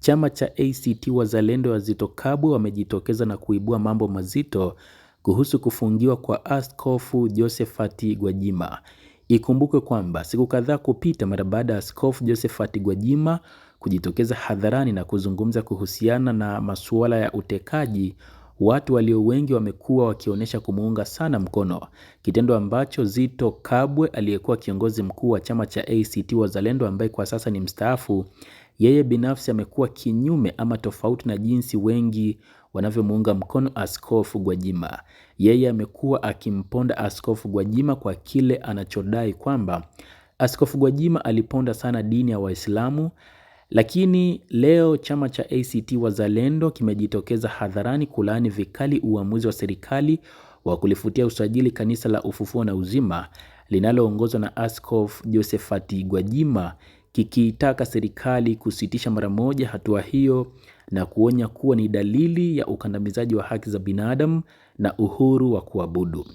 Chama cha ACT Wazalendo Wazito Kabwe wamejitokeza na kuibua mambo mazito kuhusu kufungiwa kwa Askofu Josephat Gwajima. Ikumbukwe kwamba siku kadhaa kupita mara baada ya Askofu Josephat Gwajima kujitokeza hadharani na kuzungumza kuhusiana na masuala ya utekaji, watu walio wengi wamekuwa wakionyesha kumuunga sana mkono, kitendo ambacho Zito Kabwe aliyekuwa kiongozi mkuu wa chama cha ACT Wazalendo ambaye kwa sasa ni mstaafu yeye binafsi amekuwa kinyume ama tofauti na jinsi wengi wanavyomuunga mkono Askofu Gwajima. Yeye amekuwa akimponda Askofu Gwajima kwa kile anachodai kwamba Askofu Gwajima aliponda sana dini ya Waislamu, lakini leo chama cha ACT Wazalendo kimejitokeza hadharani kulaani vikali uamuzi wa serikali wa kulifutia usajili kanisa la Ufufuo na Uzima linaloongozwa na Askofu Josephat Gwajima kikiitaka serikali kusitisha mara moja hatua hiyo na kuonya kuwa ni dalili ya ukandamizaji wa haki za binadamu na uhuru wa kuabudu.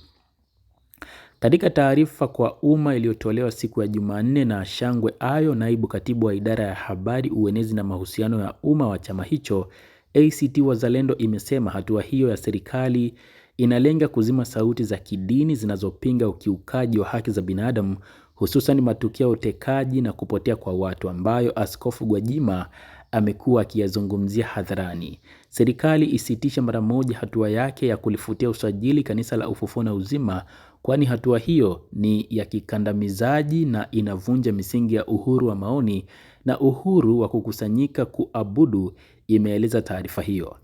Katika taarifa kwa umma iliyotolewa siku ya Jumanne na Shangwe Ayo, naibu katibu wa idara ya habari, uenezi na mahusiano ya umma wa chama hicho, ACT Wazalendo imesema hatua hiyo ya serikali inalenga kuzima sauti za kidini zinazopinga ukiukaji wa haki za binadamu hususan matukio ya utekaji na kupotea kwa watu ambayo Askofu Gwajima amekuwa akiyazungumzia hadharani. Serikali isitishe mara moja hatua yake ya kulifutia usajili Kanisa la Ufufuo na Uzima, kwani hatua hiyo ni ya kikandamizaji na inavunja misingi ya uhuru wa maoni na uhuru wa kukusanyika kuabudu, imeeleza taarifa hiyo.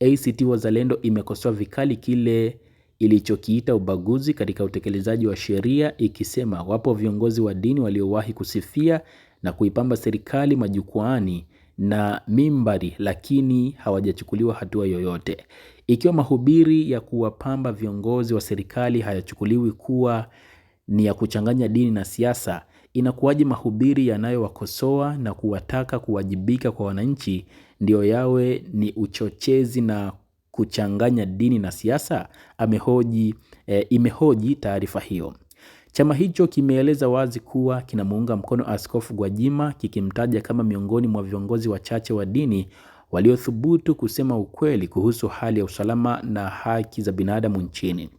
ACT Wazalendo imekosoa vikali kile ilichokiita ubaguzi katika utekelezaji wa sheria ikisema wapo viongozi wa dini waliowahi kusifia na kuipamba serikali majukwaani na mimbari lakini hawajachukuliwa hatua yoyote. Ikiwa mahubiri ya kuwapamba viongozi wa serikali hayachukuliwi kuwa ni ya kuchanganya dini na siasa, inakuwaje mahubiri yanayowakosoa na kuwataka kuwajibika kwa wananchi ndiyo yawe ni uchochezi na kuchanganya dini na siasa, amehoji, e, imehoji taarifa hiyo. Chama hicho kimeeleza wazi kuwa kinamuunga mkono Askofu Gwajima kikimtaja kama miongoni mwa viongozi wachache wa dini waliothubutu kusema ukweli kuhusu hali ya usalama na haki za binadamu nchini.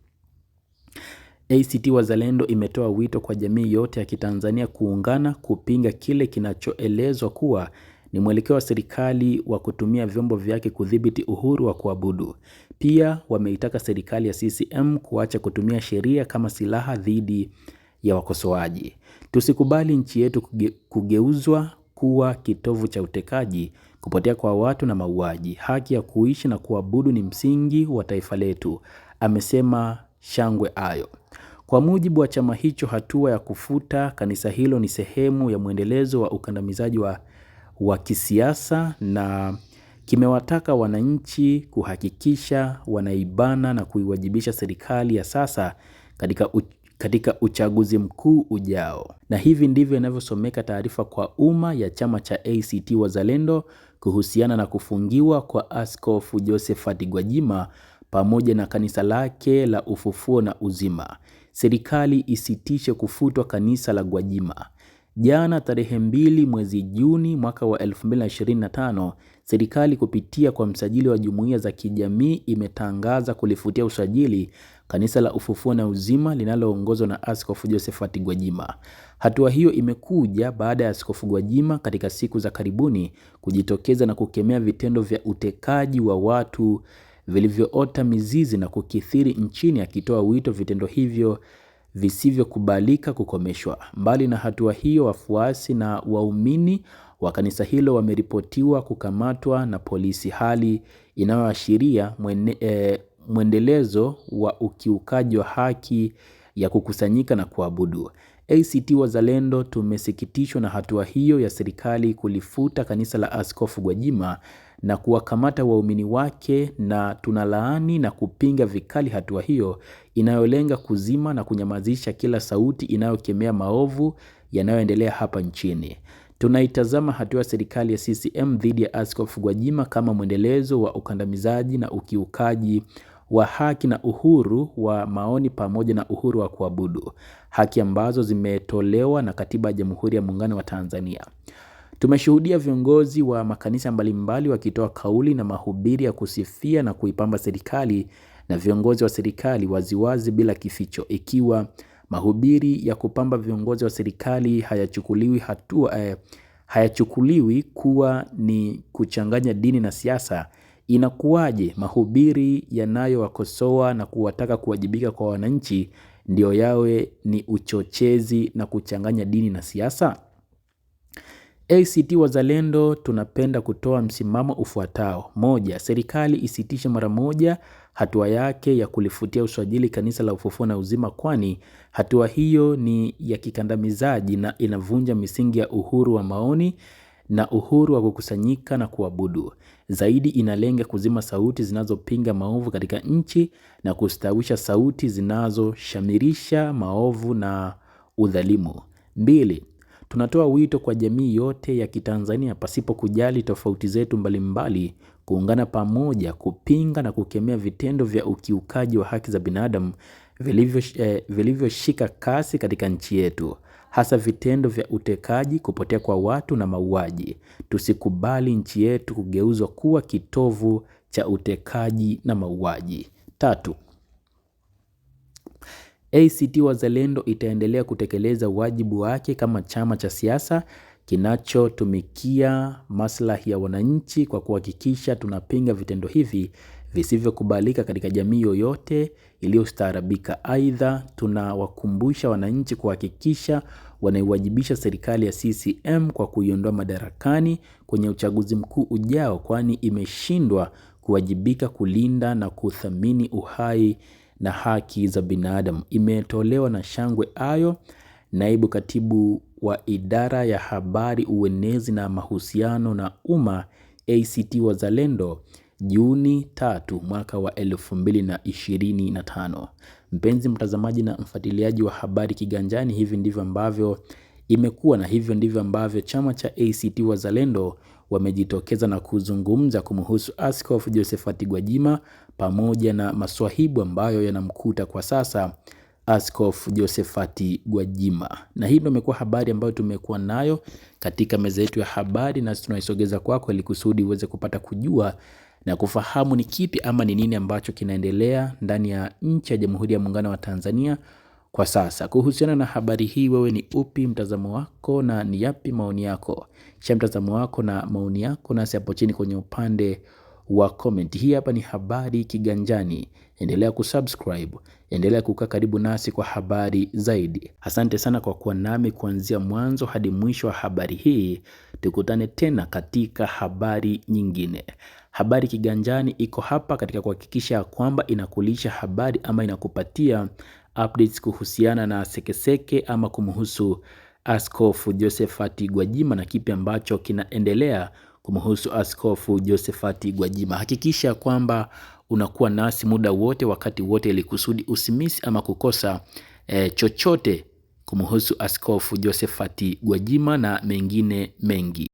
ACT Wazalendo imetoa wito kwa jamii yote ya Kitanzania kuungana kupinga kile kinachoelezwa kuwa ni mwelekeo wa serikali wa kutumia vyombo vyake kudhibiti uhuru wa kuabudu. Pia wameitaka serikali ya CCM kuacha kutumia sheria kama silaha dhidi ya wakosoaji. Tusikubali nchi yetu kuge, kugeuzwa kuwa kitovu cha utekaji, kupotea kwa watu na mauaji. Haki ya kuishi na kuabudu ni msingi wa taifa letu, amesema Shangwe Ayo. Kwa mujibu wa chama hicho, hatua ya kufuta kanisa hilo ni sehemu ya mwendelezo wa ukandamizaji wa wa kisiasa na kimewataka wananchi kuhakikisha wanaibana na kuiwajibisha serikali ya sasa katika, u, katika uchaguzi mkuu ujao. Na hivi ndivyo inavyosomeka taarifa kwa umma ya chama cha ACT Wazalendo kuhusiana na kufungiwa kwa Askofu Josephat Gwajima pamoja na kanisa lake la Ufufuo na Uzima. Serikali isitishe kufutwa kanisa la Gwajima. Jana tarehe mbili mwezi Juni mwaka wa 2025, serikali kupitia kwa msajili wa jumuiya za kijamii imetangaza kulifutia usajili Kanisa la Ufufuo na Uzima linaloongozwa na Askofu Josephat Gwajima. Hatua hiyo imekuja baada ya Askofu Gwajima katika siku za karibuni kujitokeza na kukemea vitendo vya utekaji wa watu vilivyoota mizizi na kukithiri nchini, akitoa wito vitendo hivyo visivyokubalika kukomeshwa. Mbali na hatua hiyo, wafuasi na waumini wa kanisa hilo wameripotiwa kukamatwa na polisi, hali inayoashiria mwene, e, mwendelezo wa ukiukaji wa haki ya kukusanyika na kuabudu. ACT Wazalendo tumesikitishwa na hatua hiyo ya serikali kulifuta kanisa la Askofu Gwajima na kuwakamata waumini wake na tunalaani na kupinga vikali hatua hiyo inayolenga kuzima na kunyamazisha kila sauti inayokemea maovu yanayoendelea hapa nchini. Tunaitazama hatua ya serikali ya CCM dhidi ya Askofu Gwajima kama mwendelezo wa ukandamizaji na ukiukaji wa haki na uhuru wa maoni pamoja na uhuru wa kuabudu, haki ambazo zimetolewa na Katiba ya Jamhuri ya Muungano wa Tanzania. Tumeshuhudia viongozi wa makanisa mbalimbali wakitoa kauli na mahubiri ya kusifia na kuipamba serikali na viongozi wa serikali waziwazi bila kificho. Ikiwa mahubiri ya kupamba viongozi wa serikali hayachukuliwi hatua eh, hayachukuliwi kuwa ni kuchanganya dini na siasa, Inakuwaje mahubiri yanayowakosoa na kuwataka kuwajibika kwa wananchi ndiyo yawe ni uchochezi na kuchanganya dini na siasa? ACT Wazalendo tunapenda kutoa msimamo ufuatao. Moja, serikali isitishe mara moja hatua yake ya kulifutia usajili Kanisa la Ufufuo na Uzima kwani hatua hiyo ni ya kikandamizaji na inavunja misingi ya uhuru wa maoni na uhuru wa kukusanyika na kuabudu. Zaidi inalenga kuzima sauti zinazopinga maovu katika nchi na kustawisha sauti zinazoshamirisha maovu na udhalimu. Mbili, tunatoa wito kwa jamii yote ya Kitanzania pasipo kujali tofauti zetu mbalimbali kuungana pamoja kupinga na kukemea vitendo vya ukiukaji wa haki za binadamu eh, vilivyoshika eh, vilivyo kasi katika nchi yetu hasa vitendo vya utekaji, kupotea kwa watu na mauaji. Tusikubali nchi yetu kugeuzwa kuwa kitovu cha utekaji na mauaji. Tatu, ACT Wazalendo itaendelea kutekeleza wajibu wake kama chama cha siasa kinachotumikia maslahi ya wananchi kwa kuhakikisha tunapinga vitendo hivi visivyokubalika katika jamii yoyote iliyostaarabika. Aidha, tunawakumbusha wananchi kuhakikisha wanaiwajibisha serikali ya CCM kwa kuiondoa madarakani kwenye uchaguzi mkuu ujao, kwani imeshindwa kuwajibika kulinda na kuthamini uhai na haki za binadamu. Imetolewa na shangwe ayo naibu katibu wa idara ya habari, uenezi na mahusiano na umma ACT Wazalendo Juni tatu mwaka wa elfu mbili na ishirini na tano. Mpenzi mtazamaji na mfuatiliaji wa habari kiganjani, hivi ndivyo ambavyo imekuwa na hivyo ndivyo ambavyo chama cha ACT Wazalendo wamejitokeza na kuzungumza kumhusu Askofu Josephat Gwajima pamoja na maswahibu ambayo yanamkuta kwa sasa Askofu Josephat Gwajima. Na hii ndio imekuwa habari ambayo tumekuwa nayo katika meza yetu ya habari, na tunaisogeza kwako ili kusudi uweze kupata kujua na kufahamu ni kipi ama ni nini ambacho kinaendelea ndani ya nchi ya Jamhuri ya Muungano wa Tanzania kwa sasa. Kuhusiana na habari hii, wewe ni upi mtazamo wako na ni yapi maoni yako? cha mtazamo wako na maoni yako nasi hapo chini kwenye upande wa comment. Hii hapa ni Habari Kiganjani. Endelea kusubscribe, endelea kukaa karibu nasi kwa habari zaidi. Asante sana kwa kuwa nami kuanzia mwanzo hadi mwisho wa habari hii. Tukutane tena katika habari nyingine. Habari Kiganjani iko hapa katika kuhakikisha ya kwamba inakulisha habari ama inakupatia updates kuhusiana na sekeseke seke ama kumhusu Askofu Josephat Gwajima na kipi ambacho kinaendelea kumhusu Askofu Josephat Gwajima. Hakikisha kwamba unakuwa nasi muda wote, wakati wote, ili kusudi usimisi ama kukosa e, chochote kumhusu Askofu Josephat Gwajima na mengine mengi.